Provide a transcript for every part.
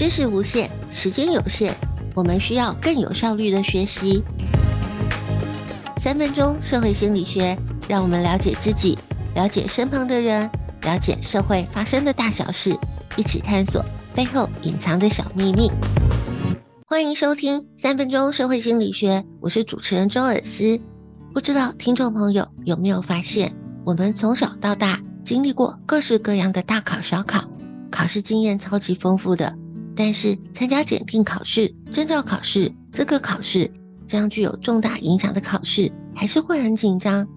知識無限，時間有限，我們需要更有效率的學習。三分鐘社會心理學，讓我們了解自己，了解身旁的人，了解社會發生的大小事，一起探索背後隱藏的小秘密。歡迎收聽三分鐘社會心理學，我是主持人周爾思。不知道聽眾朋友有沒有發現，我們從小到大經歷過各式各樣的大考小考，考試經驗超級豐富的。但是參加檢定考試、證照考試、資格考試這樣具有重大影響的考試，還是會很緊張。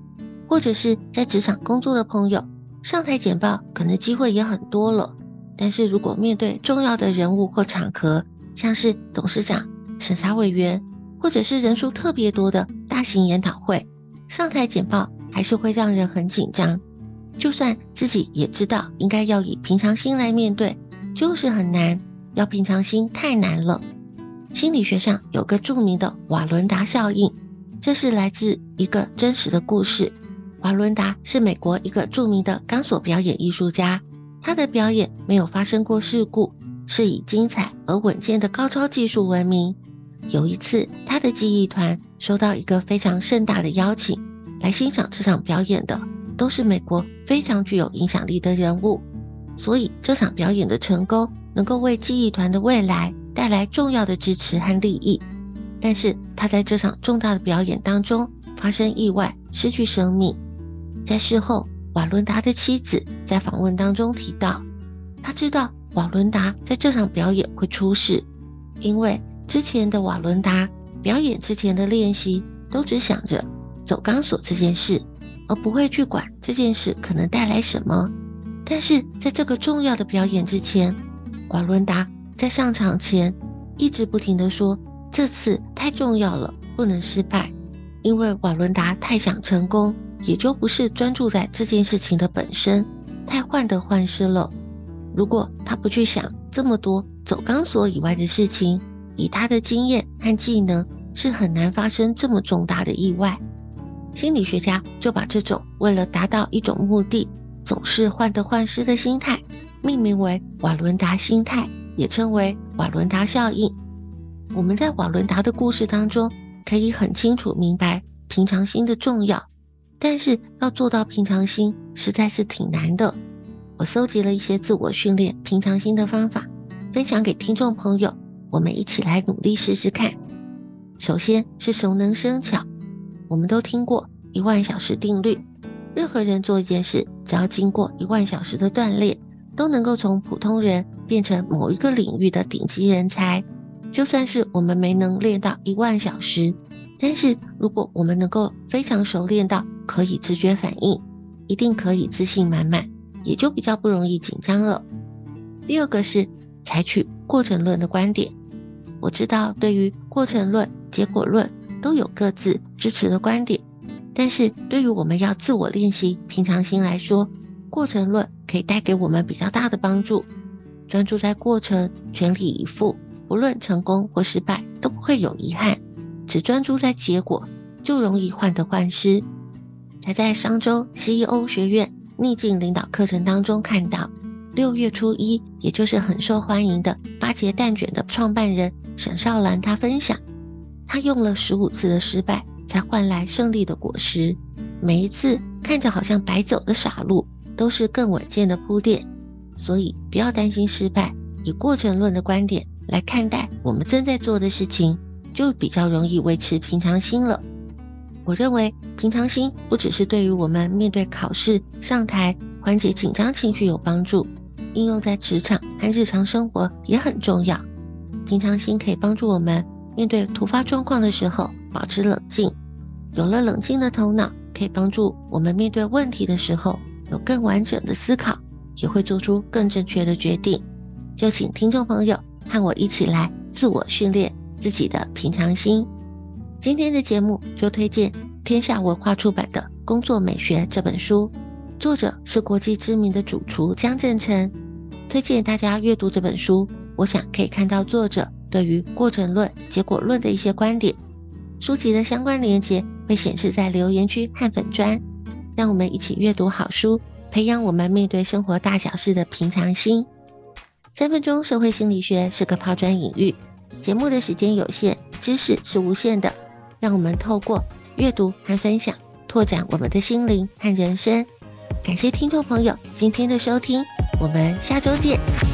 或者是在職場工作的朋友，上台簡報可能機會也很多了。但是如果面對重要的人物或場合，像是董事長、審查委員，或者是人數特別多的大型研討會，上台簡報還是會讓人很緊張。就算自己也知道應該要以平常心來面對，就是很難。要平常心太難了。心理學上有個著名的瓦倫達效應，這是來自一個真實的故事。瓦倫達是美國一個著名的鋼索表演藝術家，他的表演沒有發生過事故，是以精彩而穩健的高超技術聞名。有一次，他的技藝團收到一個非常盛大的邀請，來欣賞這場表演的都是美國非常具有影響力的人物，所以這場表演的成功。能夠為記憶團的未來帶來重要的支持和利益，但是他在這場重大的表演當中發生意外，失去生命。在事後，瓦倫達的妻子在訪問當中提到，他知道瓦倫達在這場表演會出事，因為之前的瓦倫達表演之前的練習都只想着走鋼索這件事，而不會去管這件事可能帶來什麼。但是在這個重要的表演之前，瓦倫達在上場前一直不停地說：“這次太重要了，不能失敗。”因為瓦倫達太想成功，也就不是專注在這件事情的本身，太患得患失了。如果他不去想這麼多走鋼索以外的事情，以他的經驗和技能，是很難發生這麼重大的意外。心理學家就把這種為了達到一種目的，總是患得患失的心態，命名為瓦倫達心態，也稱為瓦倫達效應。我們在瓦倫達的故事當中，可以很清楚明白平常心的重要。但是要做到平常心，實在是挺難的。我搜集了一些自我訓練平常心的方法，分享給聽眾朋友，我們一起來努力試試看。首先是熟能生巧，我們都聽過一萬小時定律，任何人做一件事，只要經過一萬小時的鍛鍊。都能夠從普通人變成某一個領域的頂級人才。就算是我們沒能練到一萬小時，但是如果我們能夠非常熟練到可以直覺反應，一定可以自信滿滿，也就比較不容易緊張了。第二個是採取過程論的觀點。我知道對於過程論、結果論都有各自支持的觀點，但是對於我們要自我練習平常心來說，過程論。可以帶給我們比較大的幫助。專注在過程，全力以赴，不論成功或失敗都不會有遺憾。只專注在結果，就容易患得患失。才在商周 CEO 學院逆境領導課程當中看到，六月初一，也就是很受歡迎的八節蛋捲的創辦人沈少蘭，他分享，他用了十五次的失敗，才換來勝利的果實。每一次看着好像白走的傻路，都是更穩健的鋪墊，所以不要擔心失敗。以過程論的觀點來看待我們正在做的事情，就比較容易維持平常心了。我認為平常心不只是對於我們面對考試、上台緩解緊張情緒有幫助，應用在職場和日常生活也很重要。平常心可以幫助我們面對突發狀況的時候保持冷靜，有了冷靜的頭腦，可以幫助我們面對問題的時候，有更完整的思考，也會做出更正確的決定。就請聽眾朋友和我一起來自我訓練自己的平常心。今天的節目就推薦天下文化出版的《工作美學》這本書，作者是國際知名的主廚江正成，推薦大家閱讀這本書。我想可以看到作者對於過程論、結果論的一些觀點。書籍的相關連結會顯示在留言區和粉專。讓我們一起閱讀好書，培養我們面對生活大小事的平常心。三分鐘社會心理學是個拋磚引玉，節目的時間有限，知識是無限的。讓我們透過閱讀和分享，拓展我們的心靈和人生。感謝聽眾朋友今天的收聽，我們下週見。